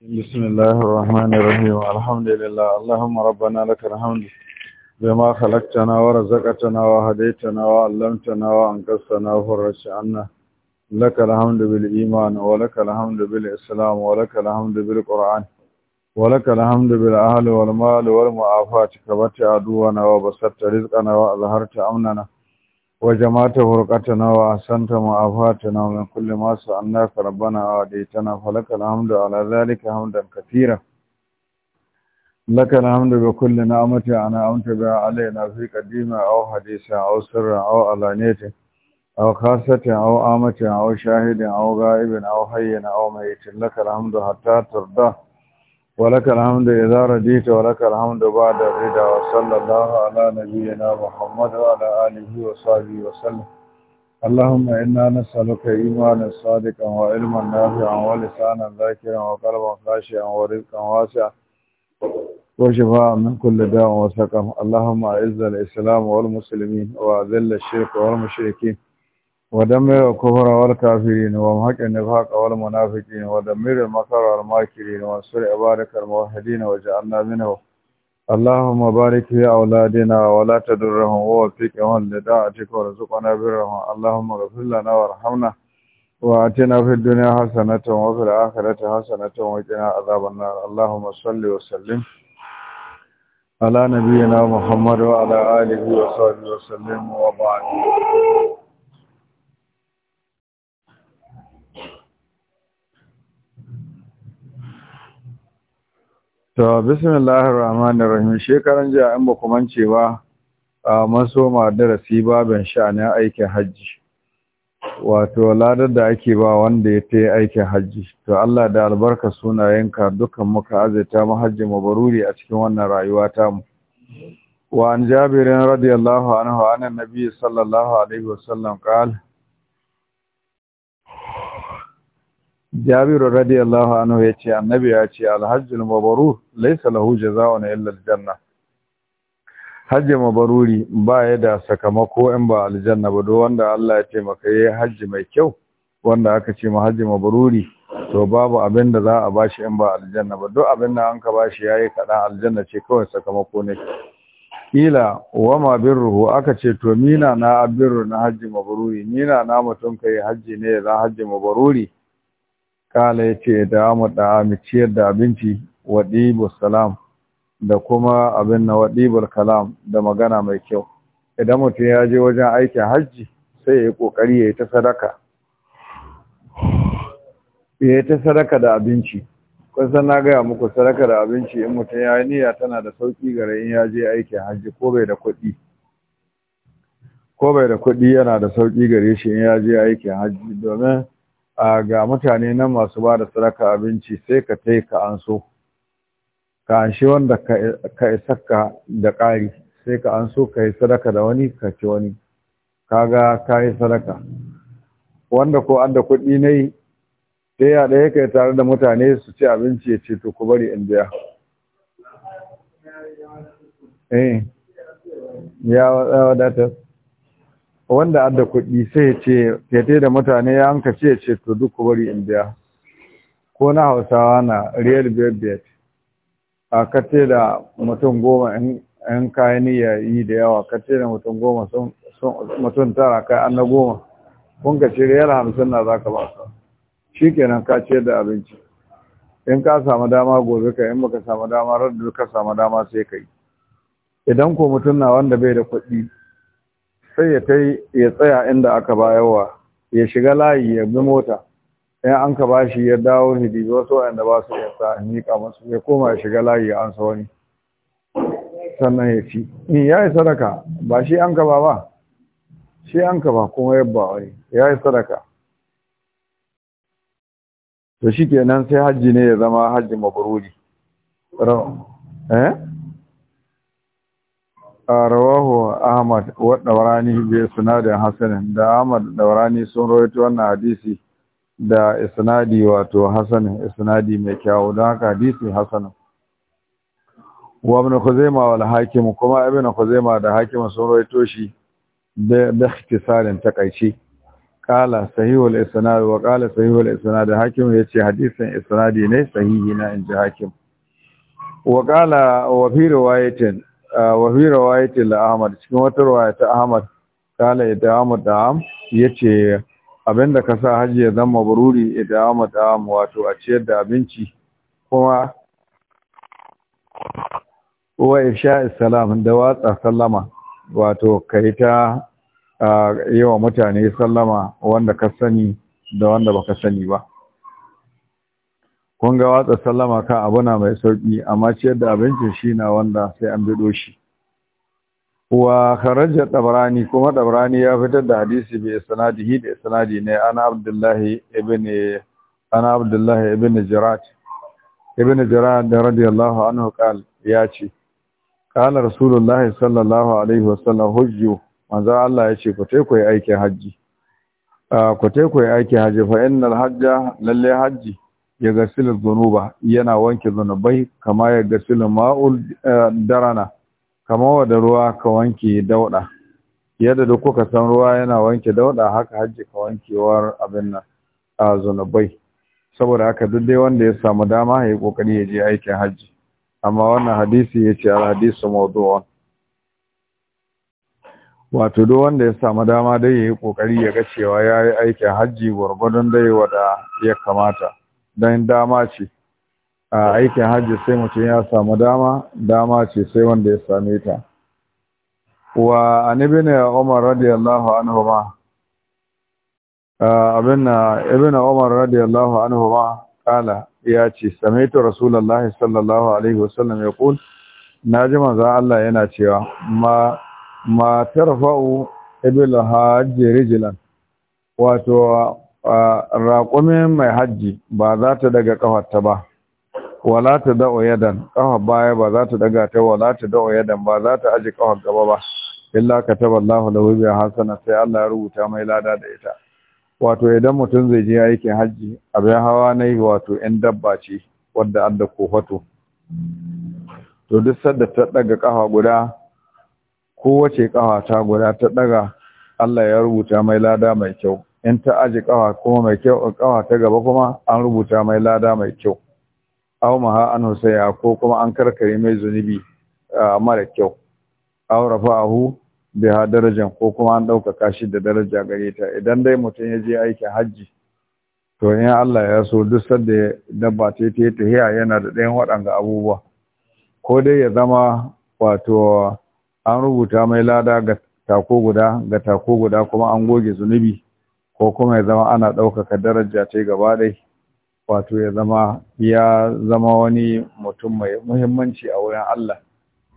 بسم الله الرحمن الرحيم الحمد لله اللهم ربنا لك الحمد بما خلقتنا ورزقتنا وهديتنا وعلمتنا وأنقذتنا وفرجت عنا لك الحمد بالإيمان ولك الحمد بالإسلام ولك الحمد بالقرآن ولك الحمد بالأهل والمال والمعافاة كبت عدونا وبسطت رزقنا وأظهرت أمننا وجمعت فرقتنا وأحسنت معافاتنا ومن كل ما سألناك ربنا وعديتنا فلك الحمد على ذلك حمدا كثيرا لك الحمد بكل نعمة أنا أمت بها علينا في قديمة أو حديثة أو سرة أو علانية أو خاصة أو آمة أو شاهد أو غائب أو حي أو ميت لك الحمد حتى ترضى ولك الحمد إذا رجيت ولك الحمد بعد الرضا وصلى الله على نبينا محمد وعلى آله وصحبه وسلم اللهم إنا نسألك إيمانا صادقا وعلما نافعا ولسانا ذاكرا وقلبا خاشعا ورزقا واسعا وشفاء من كل داء وسقم اللهم أعز الإسلام والمسلمين وأذل الشرك والمشركين ودمر الكفر والكافرين ومحق النفاق والمنافقين ودمر المكر والماكرين وانصر عبادك الموحدين وجعلنا منه اللهم بارك في أولادنا ولا تدرهم ووفقهم لداعتك وارزقنا برهم اللهم اغفر لنا وارحمنا وآتنا في الدنيا حسنة وفي الآخرة حسنة وقنا عذاب النار اللهم صل وسلم على نبينا محمد وعلى آله وصحبه وسلم وبعد To, bismillahir rahmanir rahim shekaran jiya in ba ku ba a maso ma darasi babin sha'anin aikin hajji. Wato ladar da ake ba wanda ya ta aikin hajji. To Allah da albarka sunayenka dukan muka azaita mu hajji mabaruri a cikin wannan rayuwa ta mu. Wa an jabirin radiyallahu anhu anan nabi sallallahu alaihi wasallam qala jabiru radiyallahu anhu ya ce annabi ya ce alhajjul mabarur laisa lahu jaza'un illa aljanna hajji mabaruri ba ya da sakamako in ba aljanna ba don wanda Allah ya taimaka yayi hajji mai kyau wanda aka ce ma hajji mabaruri to babu abin da za a bashi in ba aljanna ba duk abin da an ka bashi yayi kaɗan aljanna ce kawai sakamako ne ila wa ma birruhu aka ce to mina na abirru na hajji mabaruri mina na mutum kai hajji ne za hajji mabaruri kala ya ce da mu da mu ciyar da abinci wa ɗibus salam da kuma abin na waɗibar kalam da magana mai kyau idan mutum ya je wajen aikin hajji sai ya yi ƙoƙari ya yi ta sadaka ya yi ta sadaka da abinci san na gaya muku sadaka da abinci in mutum ya yi niyya tana da sauƙi gare in ya je aikin hajji ko bai da kuɗi ko bai da kuɗi yana da sauƙi gare shi in ya je aikin hajji domin ga mutane nan masu ba da sadaka abinci sai ka ta ka an so ka an shi wanda ka isa ka da ƙari sai ka an so ka yi sadaka da wani ka ci wani Ka ga ka yi sadaka wanda ko an da kuɗi na yi sai ya ɗaya ka yi tare da mutane su ci abinci ya ce to ku bari in biya eh ya wadatar wanda adda kuɗi sai ya ce ya da mutane ya hanka ce ya ce to duk ku bari in biya ko na hausawa na real bebet a kace da mutum goma in kayan ya yi da yawa kace da mutum goma sun mutum tara kai an na goma kun ka ce real hamsin na za ka ba su shi kenan ka ce da abinci in ka samu dama gobe ka in baka samu dama raddu ka samu dama sai ka yi idan ko mutum na wanda bai da kuɗi sai ya tai ya tsaya inda aka bayarwa ya shiga layi ya bi mota in an ka ba shi ya dawo hidibi wasu wanda ba su iya sa miƙa masu ya koma ya shiga layi an sa wani sannan ya ci ni ya yi sadaka ba shi an ka ba ba shi an ka ba kuma ya ba wani ya yi sadaka to shi kenan sai hajji ne ya zama hajji mabururi eh rawahu ahmad wa dawrani bi sanadin hasan da ahmad dawrani sun rawaito wannan hadisi da isnadi wato hasan isnadi mai kyau don haka hadisi hasan wa ibn Khuzaimah wal hakim kuma ibn Khuzaimah da hakim sun rawaito shi da da ikhtisarin takaici kala sahihul isnad wa qala sahihul isnad hakim yace hadisin isnadi ne sahihi na inji hakim wa kala wa fi riwayatin wafi fi riwayati ahmad cikin wata ya ta ahmad kala idamu da'am yace abinda ka sa haji ya zama bururi idamu da'am wato a ciyar da abinci kuma wa ifsha salam da watsa sallama wato kai ta yi wa mutane sallama wanda ka sani da wanda baka sani ba kun ga watsa sallama kan abu na mai sauƙi amma ciyar da abincin shi na wanda sai an bido shi wa kharaja tabrani kuma tabrani ya fitar da hadisi bi sanadihi da sanadi ne ana abdullahi ibn ana abdullahi ibn jarat ibn jarat radiyallahu anhu qal ya ce qala rasulullah sallallahu alaihi wasallam hujju manzo Allah ya ce ku tai ku aikin haji ah, ku tai ku aikin haji fa innal hajja lalle haji ya gasila zunuba yana wanke zunubai kama ya gasila ma'ul eh, darana kama wada ruwa ka wanke dauda yadda da kuka san ruwa yana wanke dauda haka hajji ka wankewar abin nan a zunubai saboda haka duk dai wanda ya samu dama ya yi kokari ya je aikin hajji amma wannan hadisi ya ce al-hadisu mawdu'un wato duk wanda ya samu dama dai ya yi kokari ya ga cewa ya yi aikin hajji gwargwadon dai wada ya kamata don dama ce a aikin hajji sai mutum ya samu dama dama ce sai wanda ya same ta wa ne umar radiyallahu anhu ma abin ibn umar radiyallahu anhu ma kala ya ce Same ta rasulullahi sallallahu alaihi wasallam ya kul na ji manzan Allah yana cewa ma ma tarfa'u ibil hajji rijlan wato raƙumin mai hajji ba za ta daga ƙafarta ba wala ta da'o yadan ƙafar baya ba za ta daga ta wala ta da'o yadan ba za ta aji ƙafar gaba ba illa ka taba Allahu lahu biha hasana sai Allah ya rubuta mai lada da ita wato idan mutum zai je aikin hajji abin hawa na yi wato 'yan dabba ce wadda an da kofato to duk sadda ta ɗaga ƙafa guda kowace ƙafa ta guda ta ɗaga allah ya rubuta mai lada mai kyau in ta aji kawa kuma mai kyau kawa ta gaba kuma an rubuta mai lada mai kyau aw maha an husaya ko kuma an karkari mai zunubi mara kyau aw rafa'ahu ha darajan ko kuma an ɗaukaka shi da daraja gare ta idan dai mutum ya je aikin hajji to in Allah ya so duk sanda dabba ta ta tahiya yana da ɗayan waɗanga abubuwa ko dai ya zama wato an rubuta mai lada ga tako guda ga tako guda kuma an goge zunubi ko kuma ya zama ana ɗaukaka daraja ce gaba ɗai wato ya zama ya zama wani mutum mai muhimmanci a wurin Allah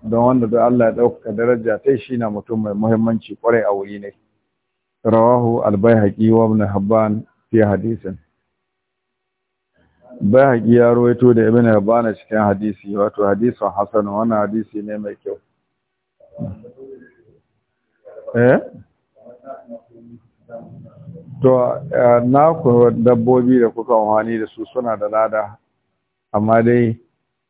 don wanda da Allah ya ɗaukaka daraja ta shi na mutum mai muhimmanci kwarai a wuri ne rawahu albayhaqi wa ibn habban fi hadisin bayhaqi ya rawaito da ibn habban cikin hadisi wato hadisin hasan wannan hadisi ne mai kyau eh to eh, na ku dabbobi da kuka amfani da su suna da lada amma dai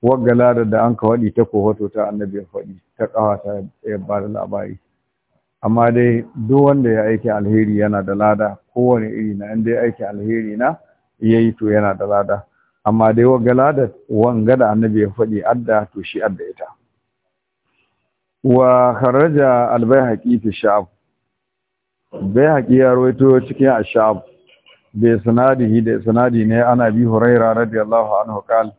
wagga lada da an ka waɗi ta kohoto ta annabi ya faɗi ta ƙawa ta ya ba da labari amma dai duk wanda ya aiki alheri yana da lada kowane iri na inda ya aiki alheri na ya yi to yana da lada amma dai wagga lada wanga da annabi ya faɗi adda to shi adda ita wa kharaja al fi sha'ab bai haƙi ya rawaito cikin ashab bai sinadi da sanadi ne ana bi huraira radiyallahu anhu qal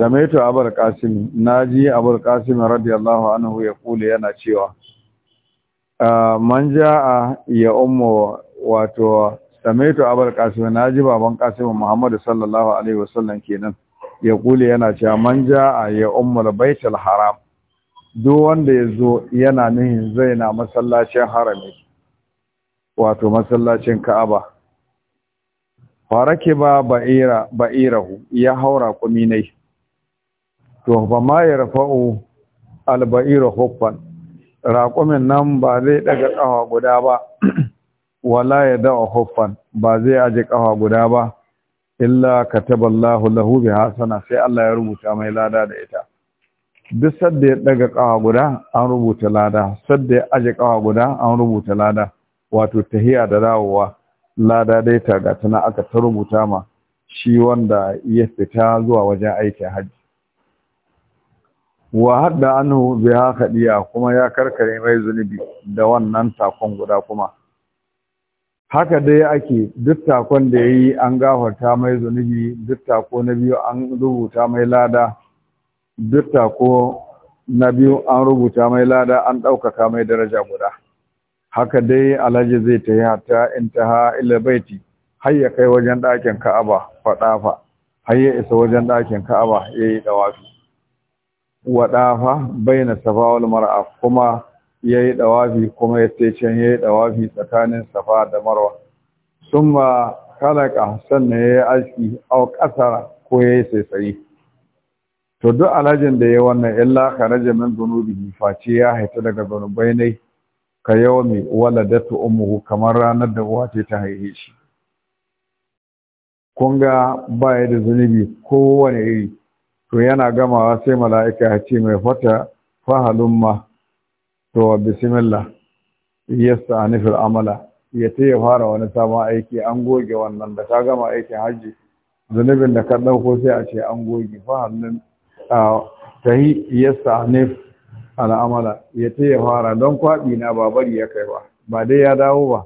samaitu abul qasim naji abul qasim radiyallahu anhu ya kula yana cewa man jaa ya ummu wato samaitu abul qasim naji baban qasim muhammad sallallahu alaihi wasallam kenan ya kule yana cewa man jaa ya ummu baitul haram duk wanda zo yana nihin na masallacin harami wato masallacin Ka'aba farake ba ba'ira ba'irahu ya haura kuminai to ba ma yarfa'u al-ba'ira huffan raqumin nan ba zai daga ƙawa guda ba wala ya da'a huffan ba zai aje ƙawa guda ba illa kataballahu lahu bi hasana sai Allah ya rubuta mai lada da ita duk sadda ya daga kawa guda an rubuta lada sadda ya aje kawa guda an rubuta lada wato tahiya da dawowa lada dai ga tana aka ta rubuta ma shi wanda ya fita zuwa wajen aikin hajji wa hadda anhu haka khadiya kuma ya karkare mai zunubi da wannan takon guda kuma haka dai ake duk takon da yayi an gafarta mai zunubi duk tako na biyu an rubuta mai lada duk tako na biyu an rubuta mai lada an ɗaukaka mai daraja guda haka dai alhaji zai ta yi ta ta ila baiti har ya kai wajen ɗakin ka'aba faɗafa har ya isa wajen ɗakin ka'aba ya yi ɗawafi waɗafa bai na safa wal mar'a kuma ya yi ɗawafi kuma ya ce can ya yi ɗawafi tsakanin safa da marwa sun ma kalaka sannan ya yi aski au ƙasa ko ya yi saisayi to duk alhajin da ya yi wannan illa kharaja min zunubi, face ya haita daga zunubai ne ka yawmi waladatu ummuhu kamar ranar da uwa ce ta haihe shi kun ga ba ya da zunubi kowane iri to yana gamawa sai mala'ika ya ce mai fata fahalumma to wa bismillah yasta nufin amala ya ce ya fara wani sabon aiki an goge wannan da ta gama aikin hajji zunubin da ka ɗauko sai a ce an goge fahalun ta yi yasta nufin al'amala ya ce ya fara don kwaɓi na ba bari ya kai ba ba dai ya dawo ba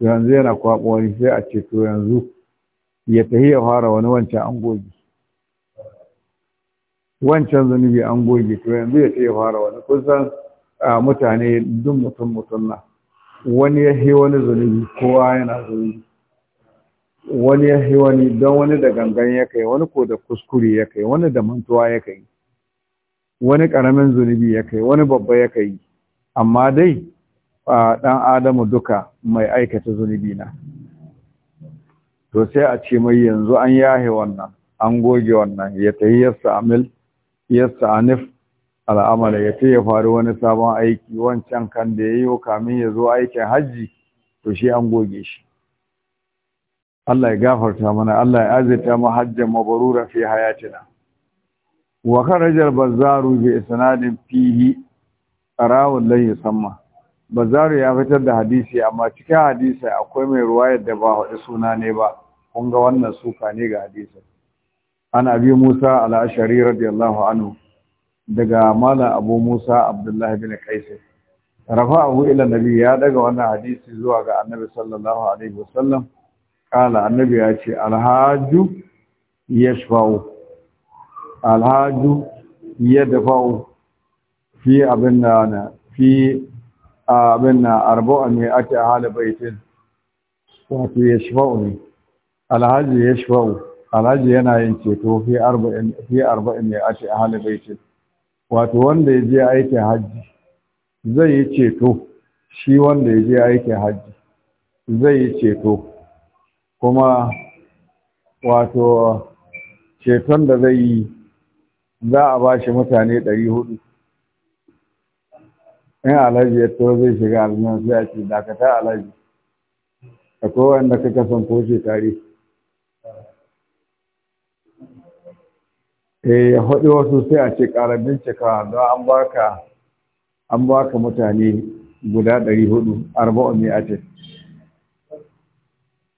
yanzu yana kwaɓo wani sai a ce to yanzu ya tafi ya fara wani wancan an goge wancan zunubi an goge to yanzu ya tafi ya fara wani kusan mutane duk mutum mutum na wani ya yi wani zunubi kowa yana zunubi wani ya yi wani don wani da gangan ya kai wani ko da kuskure ya kai wani da mantuwa ya kai wani ƙaramin zunubi ya kai wani babba ya kai amma dai ɗan adamu duka mai aikata zunubi na to sai a ce mai yanzu an yahe wannan an goge wannan ya tahi yasta amil yasta anif al'amala ya ta ya faru wani sabon aiki wancan kan da ya yi kamin ya zo aikin hajji to shi an goge shi Allah ya gafarta mana Allah ya azirta mu hajjan mabarura fi hayatina wa kharajar bazaru bi isnadin fihi rawun bazaru ya fitar da hadisi amma cikin hadisi akwai mai ruwayar da ba hadi suna ne ba kun ga wannan suka ne ga hadisi an abi musa al-ashari radiyallahu anhu daga mala abu musa abdullahi bin qais abu ila nabi ya daga wannan hadisi zuwa ga annabi sallallahu alaihi wasallam kala annabi ya ce alhaju yashfa'u alhaju ya dafa fi abin da na fi abin na arba'a mai ake a hali baitin wato ya shi shafa'u ne alhaji ya shi shafa'u alhaji yana yin ceto fi arba'in mai ake a hali baitin wato wanda ya je aiki hajji zai yi ceto shi wanda ya je aiki hajji zai yi ceto kuma wato ceton da zai yi za a ba shi mutane ɗari hudu in alhaji ya to zai shiga aljihan sai a ce dakata alhaji akwai wanda ka kasan ko shekari eh ya faɗi wasu sai a ce ƙara bincika don an baka an ka mutane guda ɗari hudu arba'u ne a ce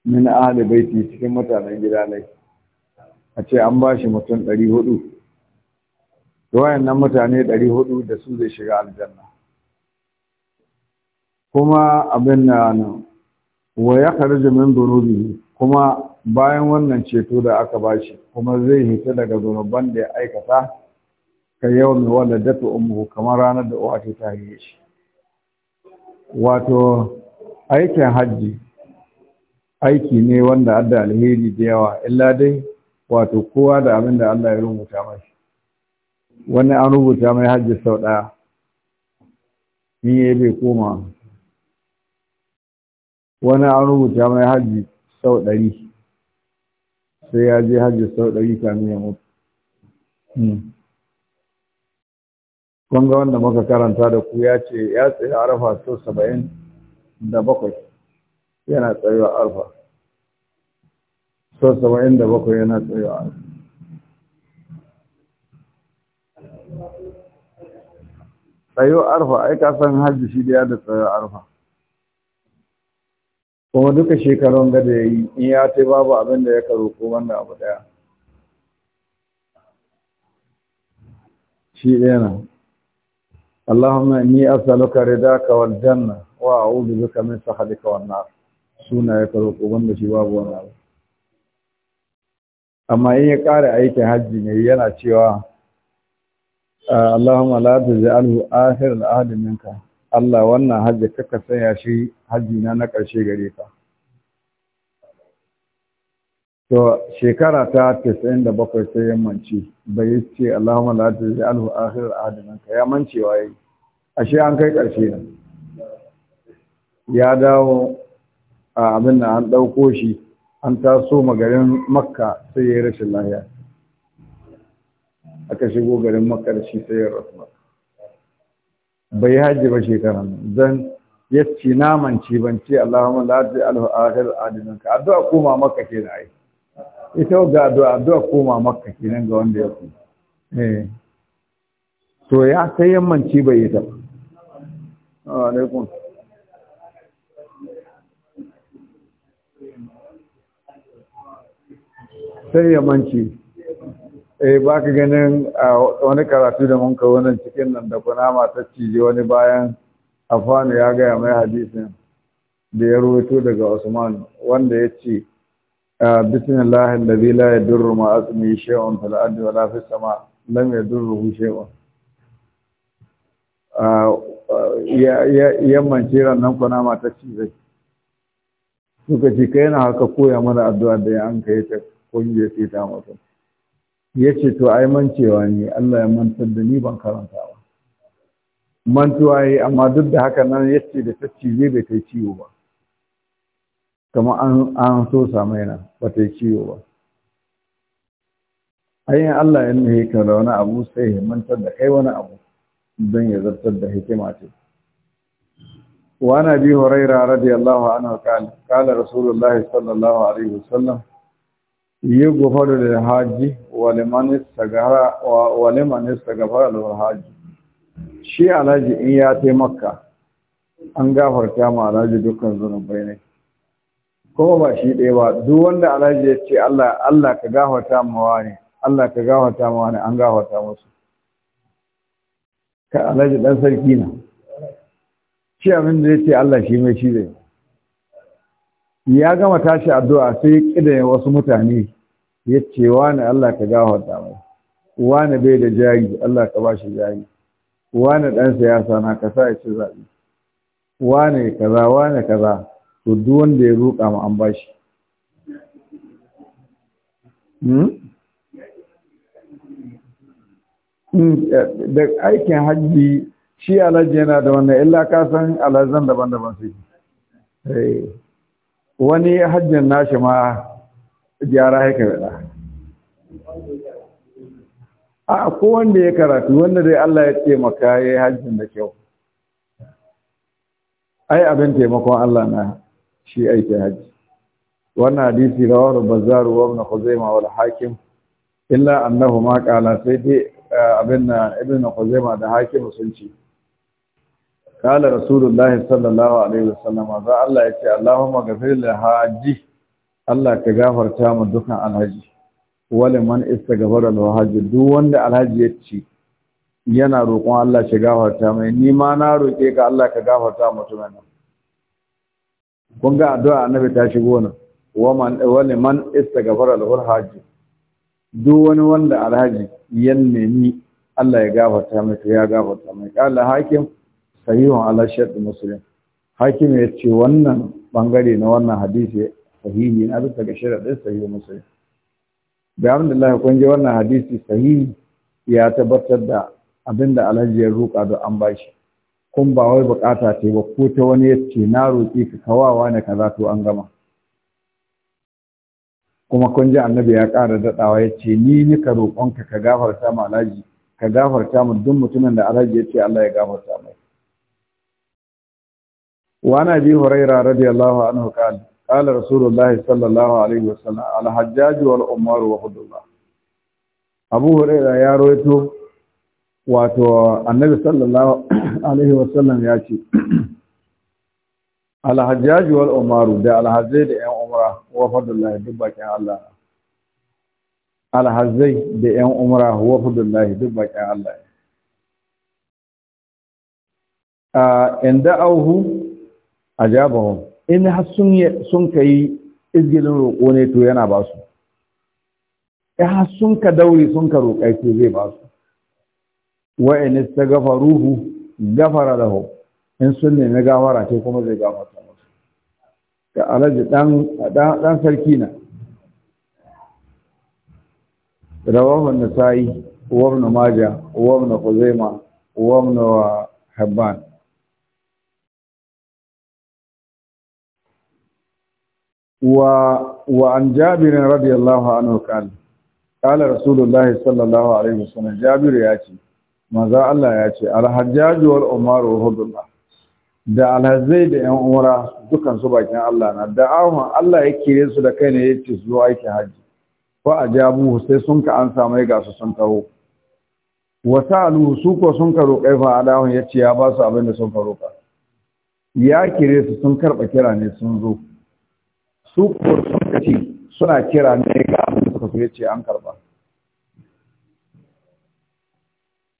min ahli cikin mutanen gida ne a ce an ba shi mutum ɗari hudu wayannan mutane ɗari hudu da su zai shiga aljanna kuma abin na nan wa ya kharju min dhunubihi kuma bayan wannan ceto da aka bashi kuma zai hita daga zunuban da ya aikata ka yau mai dafa ummuhu kamar ranar da uwa ta haye shi wato aikin hajji aiki ne wanda adda alheri da yawa illa dai wato kowa da abin da Allah ya rubuta mashi wani an rubuta mai hajji sau ɗaya in yi bai koma wani an rubuta mai hajji sau ɗari sai ya je hajji sau ɗari kamin ya mutu hmm. kun ga wanda muka karanta da ku ya ce ya tsaye arafa sau saba'in da bakwai yana tsayewa arafa sau saba'in da bakwai yana tsayewa arafa tsayo arfa ai ka san hajji shi da da tsayo arfa kuma duka shekarun da da yi in ya ce babu abin da ya karo ko wanda abu daya shi ɗaya na Allahumma ni as'aluka ridaka wal janna wa a'udhu bika min sakhatika wan nar suna ya karo ko wanda shi babu wannan. amma in ya kare aikin hajji ne yana cewa Ah, Allahumma la alhu akhir al-ahd minka Allah wannan hajji kaka sanya shi hajji na na ƙarshe gare ka to shekara ta 97 sai ya manci bai ce Allahumma la alhu akhir al-ahd minka ya mancewa a ashe an kai ƙarshe nan ya dawo a ah, abin da an ɗauko shi an taso magarin makka sai ya yi rashin lafiya. aka shigo garin makarshi sai ya rasu bai haji ba shekaran zan ya ci naman ci ban Allahumma la ta alhu akhir adinan ka addu'a koma makka ke da ai ita ga addu'a addu'a koma makka nan ga wanda ya ku eh to ya sai yammanci bai yi ta alaikum sai yammanci eh ba ka ganin wani karatu da mun kawo nan cikin nan da kunama ta cije wani bayan afanu ya gaya mai hadisin da ya rubuto daga usman wanda ya ce bismillah alladhi la yadurru ma asmi shay'un fil ardi wa la fis sama lam yadurru shay'un yamman ciran nan kunama ta cije suka ji kai na haka koya mana addu'a da an kai ta kungiyar ta mutum ya ce to ai mancewa ne Allah ya mantar da ni ban karanta ba mantuwa yi amma duk da haka nan ya ce da ta zai bai ta ciwo ba kama an so samu yana ba ta ciwo ba ayin Allah ya nuhe ka da wani abu sai ya mantar da kai wani abu don ya zartar da hikima ce وعن ابي هريره رضي الله عنه قال قال رسول الله صلى الله عليه وسلم يغفر للحاج waliman istagara waliman istagara alhaji shi alhaji in ya taimaka an gafarta ma alhaji dukkan zunubai ne kuma ba shi ɗaya ba duk wanda alhaji ya ce Allah Allah ka gafarta ma wani Allah ka gafarta ma wani an gafarta musu ka alhaji dan sarki na shi abin da ya ce Allah shi mai shi zai ya gama tashi addu'a sai ya kida wasu mutane ya ce wani Allah ka gafarta mai Wane bai da jari Allah ka bashi jari Wane ɗan siyasa na ka sa ya ci zaɓe Wane kaza wane kaza to duk wanda ya roƙa mu an bashi hmm? hmm, da aikin hajji shi alhaji yana da wannan illa ka san alhazan daban-daban su eh, wani hajjin nashi ma gyara ya karɓa a kowanda ya karatu wanda dai Allah ya taimaka ya yi hajjin da kyau ai abin taimakon Allah na shi aiki hajji wannan hadisi rawar bazar wa ibn khuzaimah wal hakim illa annahu ma qala sai dai eh, abin na ibn khuzaimah da hakim sun ce kala rasulullahi sallallahu alaihi wasallam za' Allah ya ce Allahumma اللهم li لها Allah ka gafarta mu dukan alhaji wale man istaghfara alhaji duk wanda alhaji ya ci yana roƙon Allah shi gafarta mai ni ma na roƙe ka Allah ka gafarta mutumin nan kun ga addu'a annabi ta shigo nan wale man istaghfara alhaji duk wani wanda alhaji ya nemi Allah ya gafarta mai to ya gafarta mai kala hakim sahihun ala shaddu muslim hakim ya ce wannan bangare na wannan hadisi sahihi na bisa ga sharaɗin sahihi musulun da alhamdulillah kun ji wannan hadisi sahihi ya tabbatar da abinda alhaji ya roƙa da an bashi kun ba wai bukata ce ba ko ta wani ya ce na roƙi ka kawawa ne kaza to an gama kuma kun ji annabi ya ƙara daɗawa ya ce ni nika roƙonka ka gafarta ma alhaji ka gafarta mu duk mutumin da alhaji ya ce Allah ya gafarta mai wa na bi hurairah radiyallahu anhu kana قال رسول الله صلى الله عليه وسلم الحجاج والعمار وحد الله abu huraira ya rawaito wato annabi sallallahu alaihi wasallam ya ce alhajjaj wal umaru da alhazai da yan umra wa fadlullahi duk bakin Allah alhazai da yan umra wa fadlullahi duk bakin Allah a inda in har sun ka yi izgilin roƙo ne to yana ba su in har sun ka daure sun ka roƙai to zai ba su wa in istaghfaruhu gafara lahu in sun ne gafara ce kuma zai gafarta musu ka alaji dan sarki na rawahu an-nasa'i wa ibn majah wa ibn khuzaimah wa ibn hibban وعن جابر رضي الله عنه قال قال رسول الله صلى الله عليه وسلم جابر ياتي maza Allah ya ce alhajjaju wal umaru hudullah da alhazai da yan umara, dukan su bakin Allah na da ahun Allah ya kire su da kai ne ya ce zuwa aikin haji fa ajabu sai sun ka an samu ga su sun taho wa sa'alu su ko sun ka roƙai fa adahun ya ce ya ba su abin da sun ka ya kire su sun karɓa kira ne sun zo su kuwa suna kira ne ga abin da suka so an karba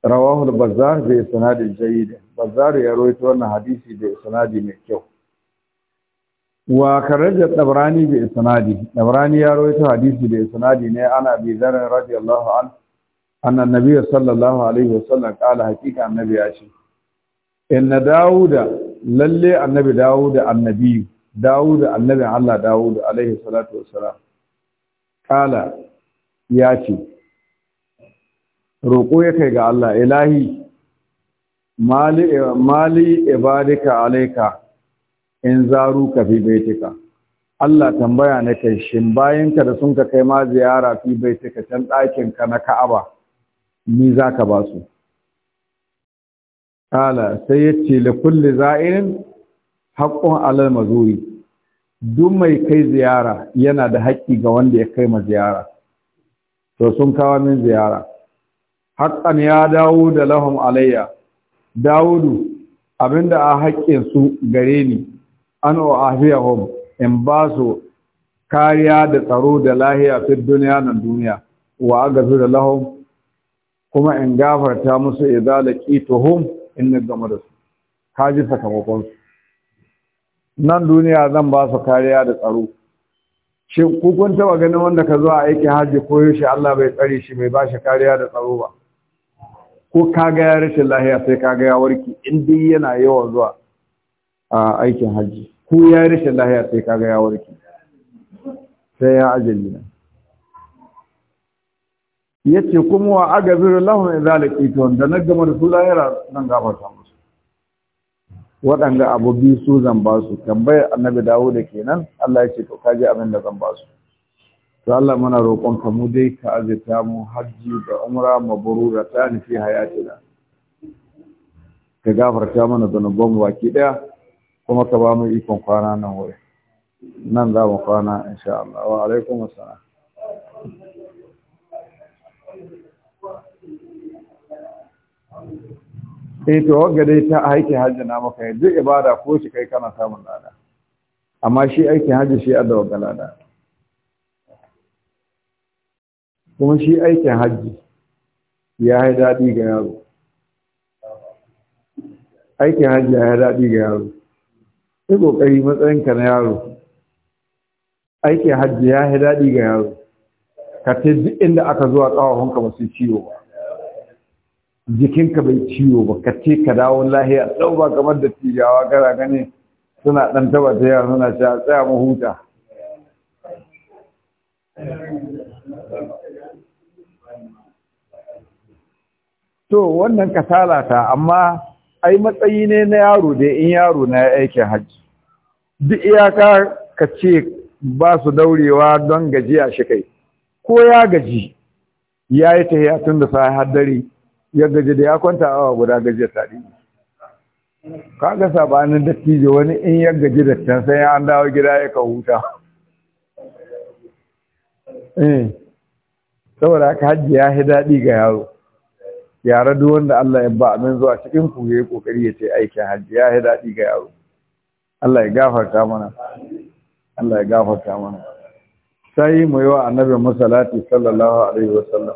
rawahul bazzar bai sanadin da bazzar ya rawaito wannan hadisi da sanadi mai kyau wa da tabrani bi sanadi tabrani ya rawaito hadisi da sanadi ne ana bi zar radiyallahu an anna nabiyyu sallallahu alaihi wasallam qala haqiqa annabi ya ce inna dauda lalle annabi dauda annabi داود النبي Allah داود عليه salatu والسلام kala ya ce يا ya kai ga Allah ilahi mali ibadika alaika in baitika Allah tambaya na kai shin bayanka da sun ka kai ma ziyara fi bai take can ɗakin ka na Ka'aba ni zaka ba su kala sai ce li kulli za'irin haƙƙun alal mazuri duk mai kai ziyara yana da haƙƙi ga wanda ya kai ma ziyara to sun kawo min ziyara haƙƙan ya dawo da lahum alayya dawudu abinda a haƙƙin su gare ni an o afiyahum in ba su kariya da tsaro da lahiya fi duniya nan duniya wa agazu da lahum kuma in gafarta musu idza laqituhum in gama da su kaji sakamakon su nan duniya zan ba su kariya da tsaro shin kukun kun taba ganin wanda ka zuwa aiki hajji ko yaushe Allah bai tsare shi bai ba shi kariya da tsaro ba ko ka ga ya rashin lahiya sai ka ga ya warki in dai yana yawan zuwa a aikin hajji ko ya rashin lahiya sai ka ga ya warki sai ya ajali na yace kuma wa agabiru lahum idza laqitum da nagama rasulullahi nan gafarta mu waɗanda abu biyu su zan ba su tambayar annabi dawo da kenan Allah ya ce to kaji abin da zan ba su to Allah muna roƙon ka mu dai ka azita mu hajji da umra mabrura ta ni fi hayatina ka gafarta mana zanuban mu baki daya kuma ka ba mu ikon kwana nan wuri nan za mu kwana insha Allah wa alaikum assalam sai eh to wagga dai ta aiki hajji na maka yanzu ibada ko shi kai kana samun lada amma shi aikin hajji shi adda wagga lada kuma shi aikin hajji ya yi daɗi ga yaro aikin hajji ya yi daɗi ga yaro sai ƙoƙari matsayinka na yaro aikin hajji ya yi daɗi ga yaro ka ta inda aka zuwa ƙawahonka ba su ciwo ba jikinka bai ciwo ba ka ce ka dawo lahiya ɗau ba kamar da tijawa gara gane suna ɗan taba ta yawa suna a tsaya mu huta to wannan kasala ta amma ai matsayi ne na yaro da in yaro na aikin hajji duk iyaka ka ce ba su daurewa don gajiya shi kai ko ya gaji ya yi tahiya tun da sa har ya gaje da ya kwanta awa guda gajiyar ta ɗi kaga sabanin dattijo wani in ya gaji da can sai an dawo gida ya ka huta eh saboda haka hajji ya yi daɗi ga yaro yara duk wanda Allah ya ba amin zuwa cikin ku yayi kokari ya ce aikin hajji ya yi daɗi ga yaro Allah ya gafarta mana Allah ya gafarta mana sai mu yi wa annabi musallati sallallahu alaihi wasallam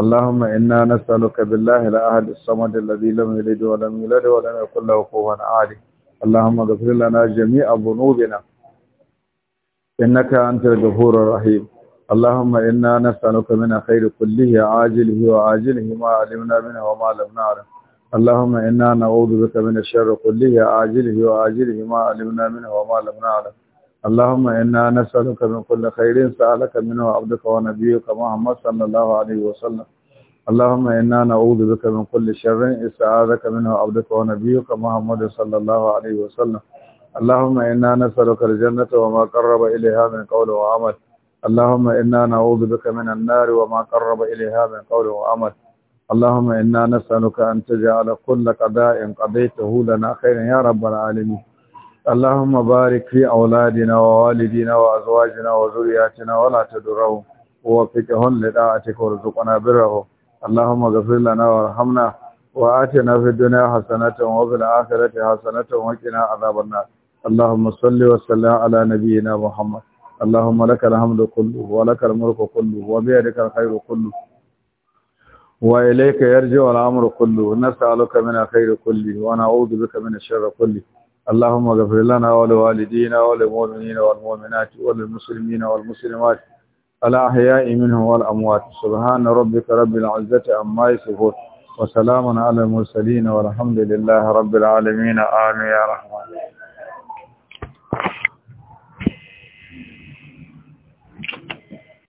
اللهم إنا نسألك بالله الأهد الصمد الذي لم يلد ولم يولد ولم يكن له كفوا أحد اللهم اغفر لنا جميع ذنوبنا إنك أنت الغفور الرحيم اللهم إنا نسألك من خير كله عاجله وعاجله ما علمنا منه وما لم نعلم اللهم إنا نعوذ بك من الشر كله عاجله وعاجله ما علمنا منه وما لم نعلم اللهم إنا نسألك من كل خير سألك منه عبدك ونبيك محمد صلى الله عليه وسلم اللهم إنا نعوذ بك من كل شر استعاذك منه عبدك ونبيك محمد صلى الله عليه وسلم اللهم إنا نسألك الجنة وما قرب إليها من قول وعمل اللهم إنا نعوذ بك من النار وما قرب إليها من قول وعمل اللهم إنا نسألك أن تجعل كل قضاء قضيته لنا خيرا يا رب العالمين اللهم بارك في أولادنا ووالدنا وأزواجنا وزرياتنا ولا تدرهم ووفقهم لطاعتك ورزقنا بره اللهم اغفر لنا وارحمنا وآتنا في الدنيا حسنة وفي الآخرة حسنة وقنا عذاب النار اللهم صل وسلم على نبينا محمد اللهم لك الحمد كله ولك الملك كله وبيدك الخير كله وإليك يرجع الأمر كله نسألك من الخير كله ونعوذ بك من الشر كله اللهم اغفر لنا ولوالدينا وللمؤمنين والمؤمنات وللمسلمين والمسلمات الأحياء منهم والأموات سبحان ربك رب العزة عما يصفون وسلام على المرسلين والحمد لله رب العالمين آمين يا رحمن